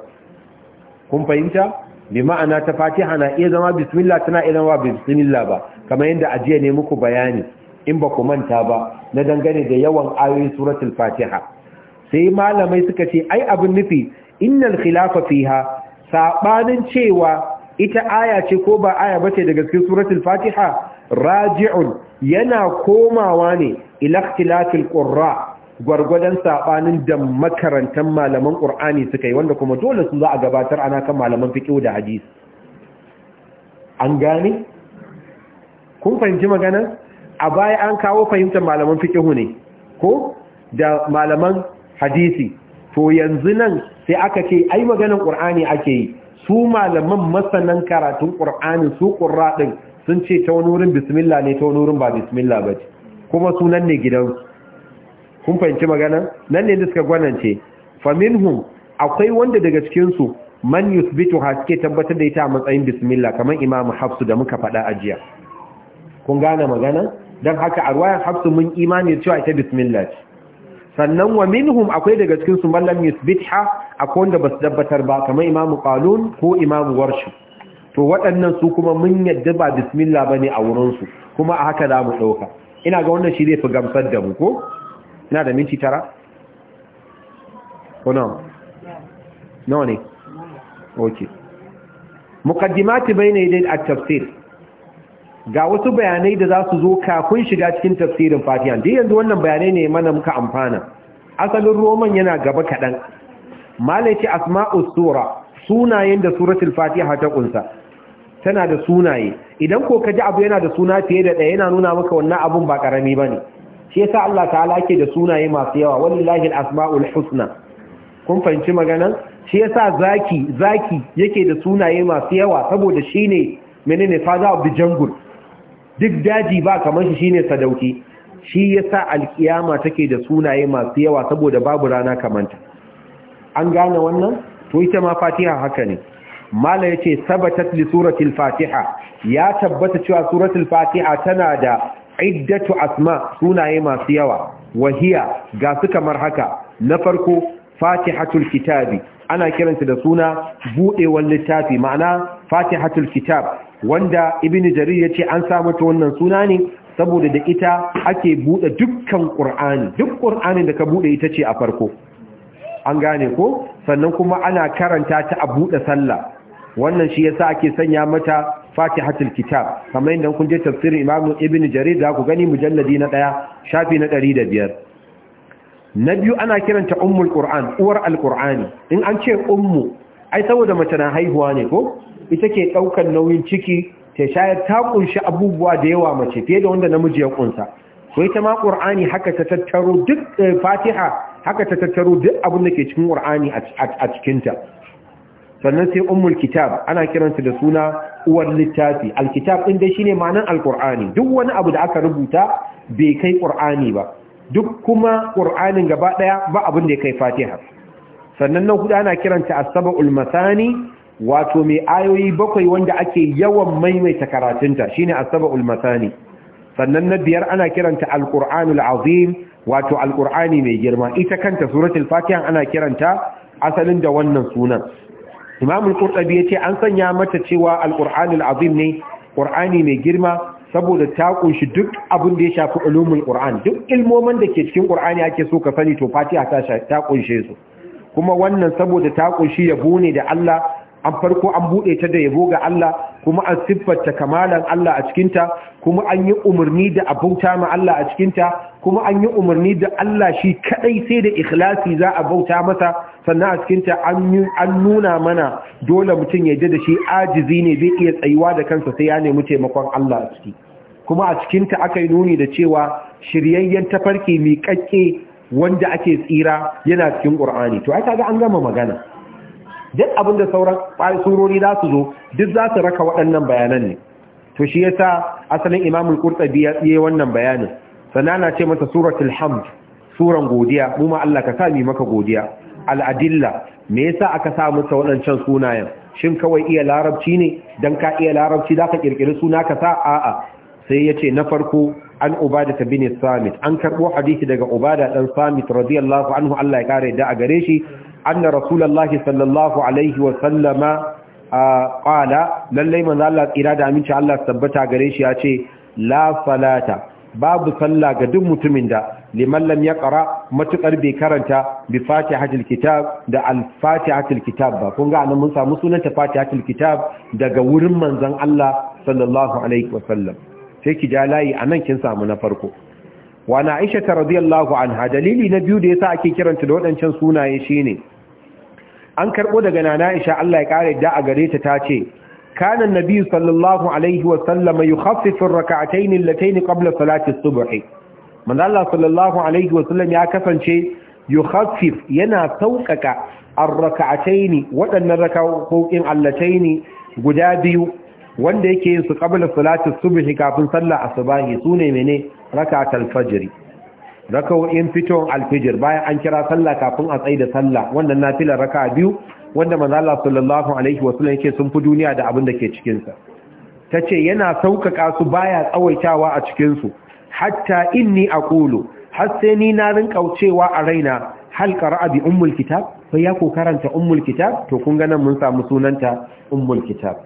kun fahimta bi ma'ana ta fatiha na iya zama bismillah tana iya zama bismillah ba kamar yadda ajiya ne muku bayani in ba ku manta ba na dangane da yawan ayoyin suratul fatiha sai malamai suka ce ai abin nufi innal khilafa fiha sabanin cewa ita aya ce ko ba aya bace daga cikin suratul fatiha raji'un yana komawa ne ila ikhtilafil qurra gwargwadon sabanin da makarantan malaman qur'ani suka yi wanda kuma dole su za a gabatar ana kan malaman fiqh da hadisi an gane kun fahimci magana a baya an kawo fahimtar malaman fiqh ne ko da malaman hadisi to yanzu nan sai aka ce ai maganan qur'ani ake yi su malaman masanan karatun qur'ani su qurra din sun ce ta wani wurin bismillah ne ta wani wurin ba bismillah ba ce kuma sunan ne gidan kun fahimci magana nan ne suka gwanance faminhum akwai wanda daga cikinsu man yusbitu haske tabbatar da ita a matsayin bismillah kamar imamu hafsu da muka faɗa a jiya kun gane magana don haka a ruwayan hafsu mun imani cewa ita bismillah ce sannan wa minhum akwai daga cikin su mallam yusbitha akwai wanda basu dabbatar ba kamar imam qalun ko imam warshi to waɗannan su kuma mun yadda ba bismillah bane a wurin su kuma a haka zamu dauka ina ga wannan shi zai fi gamsar da mu ko ina da minti tara ko nawa ne okay muqaddimati bayna at-tafsir ga wasu bayanai da za su zo kafin shiga cikin tafsirin fatiha dai yanzu wannan bayanai ne mana muka amfana asalin roman yana gaba kaɗan malaki asma'u sura sunayen da suratul fatiha ta kunsa tana da sunaye idan ko kaji abu yana da suna fiye da ɗaya yana nuna maka wannan abun ba karami bane shi yasa Allah ta'ala yake da sunaye masu yawa wallahi al-asma'ul husna kun fahimci magana? shi yasa zaki zaki yake da sunaye masu yawa saboda shine menene father of the jungle duk daji ba kamar shi shine sadauki shi yasa alkiyama take da sunaye masu yawa saboda babu rana kamanta an gane wannan to ita ma fatiha haka ne mala yace sabatat li suratil fatiha ya tabbata cewa suratul fatiha tana da iddatu asma sunaye masu yawa wahiya ga su kamar haka na farko fatihatul kitabi ana kiranta da suna buɗewar littafi ma'ana fatihatul kitab wanda ibn jarir ya ce an sa mata wannan suna ne saboda da ita ake buɗe dukkan ƙur'ani duk ƙur'ani da ka buɗe ita ce a farko an gane ko sannan kuma ana karanta ta a buɗe sallah wannan shi yasa ake sanya mata fatihatul kitab kamar yadda kun je tafsirin imamu ibn jarir da ku gani mujalladi na ɗaya shafi na ɗari da biyar. na biyu ana kiranta ummul ƙur'an uwar alƙur'ani in an ce ummu ai saboda mace na haihuwa ne ko ita ke ɗaukar nauyin ciki ta shayar ta ƙunshi abubuwa da yawa mace fiye da wanda namiji ya kunsa ko ita ma ƙur'ani haka ta tattaro duk eh, fatiha haka ta tattaro duk abin da ke cikin ƙur'ani a cikinta. sannan sai ummul kitab ana kiransa da suna uwar littafi alkitab ɗin dai shine ma'anar Alƙur'ani. duk wani abu da aka rubuta bai kai ƙur'ani ba duk kuma ƙur'anin gaba ɗaya ba abin da ya kai fatiha sannan nan hudu ana kiranta asaba ulmasani wato mai ayoyi bakwai wanda ake yawan maimaita karatunta shine ne sabul masani sannan na biyar ana kiranta al azim wato Alƙur'ani mai girma ita kanta suratul fatiha ana kiranta asalin da wannan sunan imam al-qurtubi yace an sanya mata cewa alkur'anul azim ne qur'ani mai girma saboda ta kunshi duk abin da ya shafi ulumul qur'an duk ilmomin da ke cikin qur'ani ake so ka sani to fatiha ta ta kunshe su kuma wannan saboda ta kunshi yabo ne da Allah an farko an buɗe ta da yabo ga Allah kuma an siffarta kamalan Allah a cikinta kuma an yi umarni da abauta ma Allah a cikinta kuma an yi umarni da Allah shi kadai sai da ikhlasi za a bauta masa sannan a cikinta an nuna mana dole mutum ya da shi ajizi ne zai iya tsayuwa da kansa sai ya nemi taimakon Allah a ciki kuma a cikinta aka yi nuni da cewa shiryayyen tafarki miƙaƙƙe wanda ake tsira yana cikin ƙur'ani to ai kaga an gama magana duk abin da sauran surori za su zo duk za su raka waɗannan bayanan ne to shi yasa asalin imamul qurtubi ya yi wannan bayanin sanana ce masa suratul hamd suran godiya mu ma Allah ka sa mi maka godiya al adilla me yasa aka sa mata waɗancan sunayen shin kawai iya larabci ne dan ka iya larabci zaka kirkiri suna ka sa a'a sai yace na farko an ubada bin samit an karbo hadisi daga ubada dan samit radiyallahu anhu Allah ya kare da a gare shi anna rasulullahi sallallahu alaihi wa sallama qala lallai manzo Allah tsira da aminci Allah tabbata gare shi ya ce la salata babu sallah ga duk mutumin da liman ya yaqra matukar bai karanta bi fatihatul kitab da al fatihatul kitab ba kun ga anan mun samu sunanta ta fatihatul kitab daga wurin manzon Allah sallallahu alaihi wasallam sai ki ja layi anan kin samu na farko Wana na aisha radiyallahu anha dalili na biyu da yasa ake kiranta da wadancan sunaye shine an karɓo daga nana isha Allah ya ƙara da a gare ta ta ce kanan nabi sallallahu alaihi wa sallama yukhaffifur rak'atayn allatayn qabla salati as-subh man Allah sallallahu alaihi wa sallam ya kasance yukhaffif yana sauƙaƙa ar-rak'atayn waɗannan rak'o'in allatayn guda biyu wanda yake yin su qabla salati as-subh kafin sallar asubahi sune mene rak'atul fajr raka'o'in fitowar alfijir bayan an kira sallah kafin a tsaye da sallah wannan filar raka biyu wanda mazala sallallahu alaihi wasallam yake sun fi duniya da abin da ke cikinsa. Ta ce yana saukaka su baya tsawaitawa a Hatta in hatta inni Kulu, har sai ni na rinka cewa a raina halkar ra'abi bi ummul kitab sai ya ko karanta ummul kitab to kun ga mun samu sunanta ummul kitab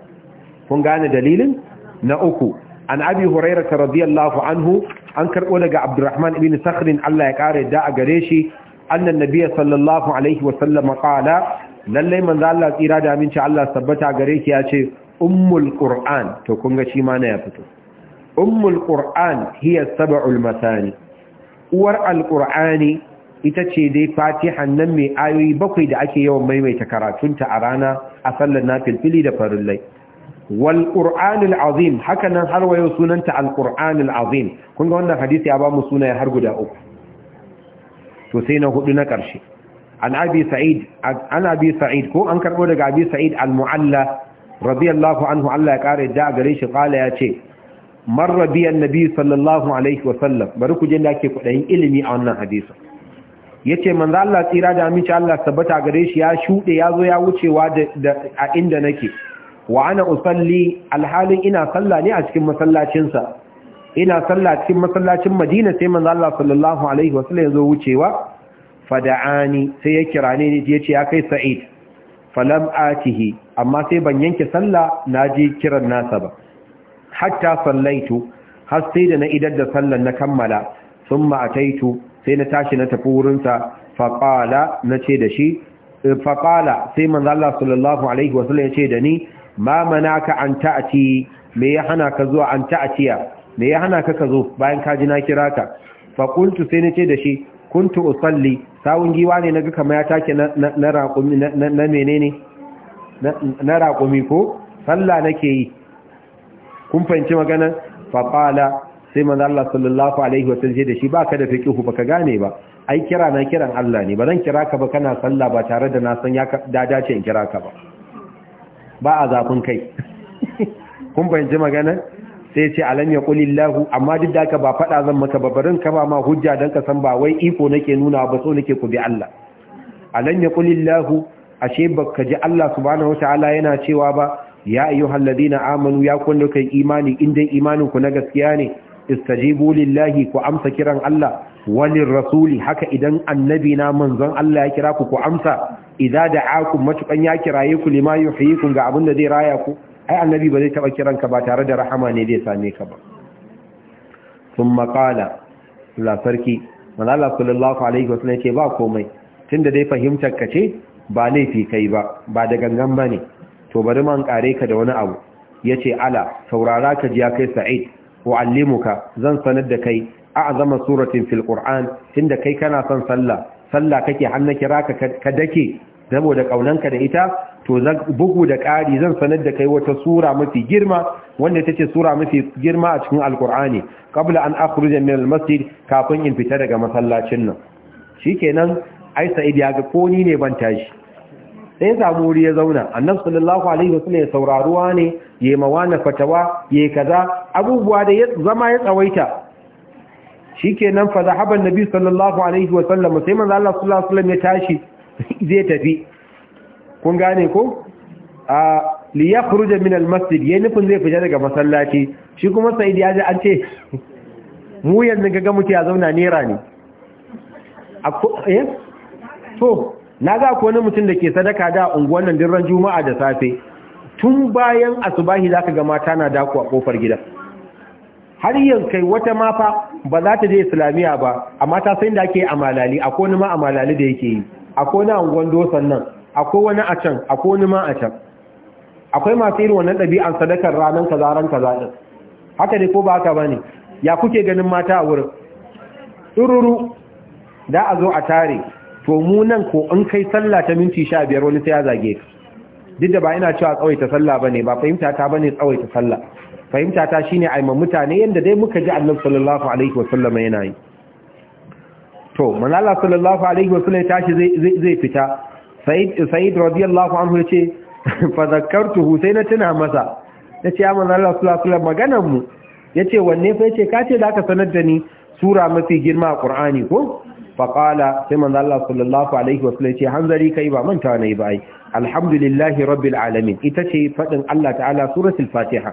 kun gane dalilin na uku an abi hurairata radiyallahu anhu an karbo daga abdurrahman ibn sakrin. Allah ya kare da a gare shi annan nabiyyi sallallahu alaihi wa sallam qala lalle manzo Allah tsira da aminci Allah sabbata gare ki ya ce ummul qur'an to kun ga shi ma na ya fito ummul qur'an hiya sab'ul masani uwar alqur'ani ita ce dai fatihan nan mai ayoyi bakwai da ake yawan maimaita karatunta a rana a sallar nafilfili da farillai wal qur'anil azim hakanan har wayo sunanta al azim kun ga wannan hadisi ya ba mu sunaye har guda uku to sai na hudu na karshe an abi sa'id ko an karɓo daga abi sa'id al mu'alla radiyallahu anhu Allah ya kare a gare shi ƙala ya ce marra biyan nabi sallallahu alaihi wa sallam bari ku je da ake kudayin ilimi a wannan hadisi yace manzo Allah tsira da aminci Allah tabbata gare shi ya shuɗe ya zo ya wucewa da a inda nake wa ana usalli alhalin ina sallah ne a cikin masallacinsa ina sallah cikin masallacin Madina sai manzo Allah sallallahu alaihi wasallam ya zo wucewa fada'ani sai ya kira ni ya ce ya kai Sa'id falam atihi amma sai ban yanke sallah naji kiran nasa ba hatta sallaitu har sai da na idar da sallan na kammala thumma ataitu sai na tashi na tafi wurinsa faqala nace da shi eh, faqala sai manzo Allah sallallahu alaihi wasallam ya ce da ni ma manaka an ta'ati me ya hana ka zuwa an ta'atiya me ya hana ka ka zo bayan ka ji na kira ka fa qultu sai nace da shi kuntu usalli sawun giwa ne naga kamar ya take na na raqumi na menene na raqumi ko salla nake yi kun fahimci magana fa qala sai manzo Allah sallallahu alaihi wasallam da shi baka da fiqhu baka gane ba ai kira na kiran Allah ne ba zan kira ka ba kana salla ba tare da na san ya dace in kira ka ba ba a zafin kai kun fahimci magana sai ce alam ya qul lahu amma duk da ka ba fada zan maka ba barin ka ba ma hujja dan ka san ba wai iko nake nuna ba so nake ku bi Allah alam ya qul lahu ashe baka ji Allah subhanahu wataala yana cewa ba ya ayyuhal ladina amanu ya kullu kai imani inda imanin ku na gaskiya ne istajibu lillahi ku amsa kiran Allah walin rasuli haka idan annabi na manzon Allah ya kira ku ku amsa idza da'akum matukan ya kiraye ku lima yuhyikum ga abin da zai raya ku ai annabi ba zai taba kiranka ba tare da rahama ne zai same ka ba thumma qala la farki manalla sallallahu alaihi wasallam ce ba komai tunda dai fahimtar ka ce ba laifi kai ba ba da gangan bane to bari man kare ka da wani abu yace ala saurara ka ji ya kai sa'id allimuka zan sanar da kai a'zama suratin fil qur'an tunda kai kana son sallah sallah kake hannu kira ka ka dake saboda kaunanka da ita to bugu da ƙari zan sanar da kai wata sura mafi girma wanda tace sura mafi girma a cikin alkur'ani qabla an akhruj min almasjid kafin in fita daga masallacin nan shikenan ai sa'id ya ga ko ni ne ban tashi sai samu ya zauna annabi sallallahu alaihi wasallam ya sauraruwa ne yayi mawana fatawa yayi kaza abubuwa da ya zama ya tsawaita shikenan fa zahaban nabi sallallahu alaihi wa sallam sai manzo Allah sallallahu alaihi wa sallam ya tashi zai tafi kun gane ko a li yakhruja min al masjid yayin nufin zai fita daga masallaci shi kuma sai da yaji an ce mu yanzu ga muke a zauna nera ne eh? to na ga ko wani mutum da ke sadaka da unguwan nan ran juma'a da safe tun bayan asubahi zaka ga mata na dako a kofar gidan har yankai wata mafa ba za ta je islamiyya ba amma ta sai da ake amalali akwai wani ma amalali da yake yi akwai wani angon dosan nan akwai wani a can akwai wani ma a can akwai masu irin wannan ɗabi'an sadakar ranar kaza ran ta zaɗin, haka ne ko ba haka ne. ya kuke ganin mata a wurin tururu da a zo a tare to mu nan ko in kai sallah ta minti sha biyar wani sai ya zage ka duk da ba ina cewa tsawaita sallah ne, ba fahimta ta ne tsawaita sallah fahimta ta shine aima mutane yanda dai muka ji annabi sallallahu alaihi wasallam yana yi to manala sallallahu alaihi wasallam tashi zai fita sa'id radiyallahu anhu yace fa zakartuhu sai na tuna masa yace ya manala sallallahu alaihi maganar mu yace wanne fa yace kace da aka sanar da ni sura mafi girma a qur'ani ko fa qala sai manala sallallahu alaihi wasallam yace hanzari kai ba manta ne ba ai alhamdulillahi rabbil alamin ita ce fadin Allah ta'ala suratul fatiha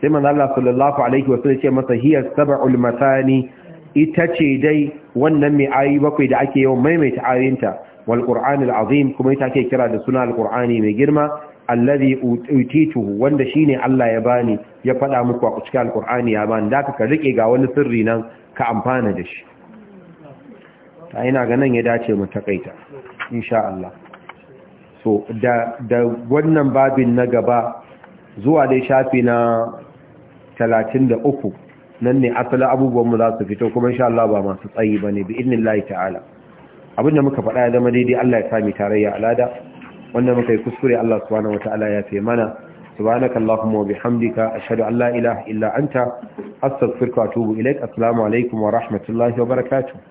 sai manzo Allah sallallahu alaihi wasallam ce masa hiya sab'ul mathani ita ce dai wannan mai ayi bakwai da ake yawan maimaita ayinta wal al azim kuma ita ake kira da suna al qur'ani mai girma alladhi utituhu wanda shine Allah ya bani ya fada muku a cikin al qur'ani ya bani da ka rike ga wani sirri nan ka amfana da shi ta ina ganin ya dace mu takaita insha Allah so da da wannan babin na gaba zuwa dai shafi na uku nan ne asali abubuwanmu za su fito kuma insha Allah ba masu tsayi ba ne bi idnillahi ta'ala abin da muka faɗa ya zama daidai Allah ya sami tarayya alada wanda muka yi kuskure Allah subhanahu wataala ya fi mana subhanaka allahumma wa bihamdika ashhadu an la ilaha illa anta astaghfiruka wa atubu ilaik assalamu alaikum wa rahmatullahi wa barakatuh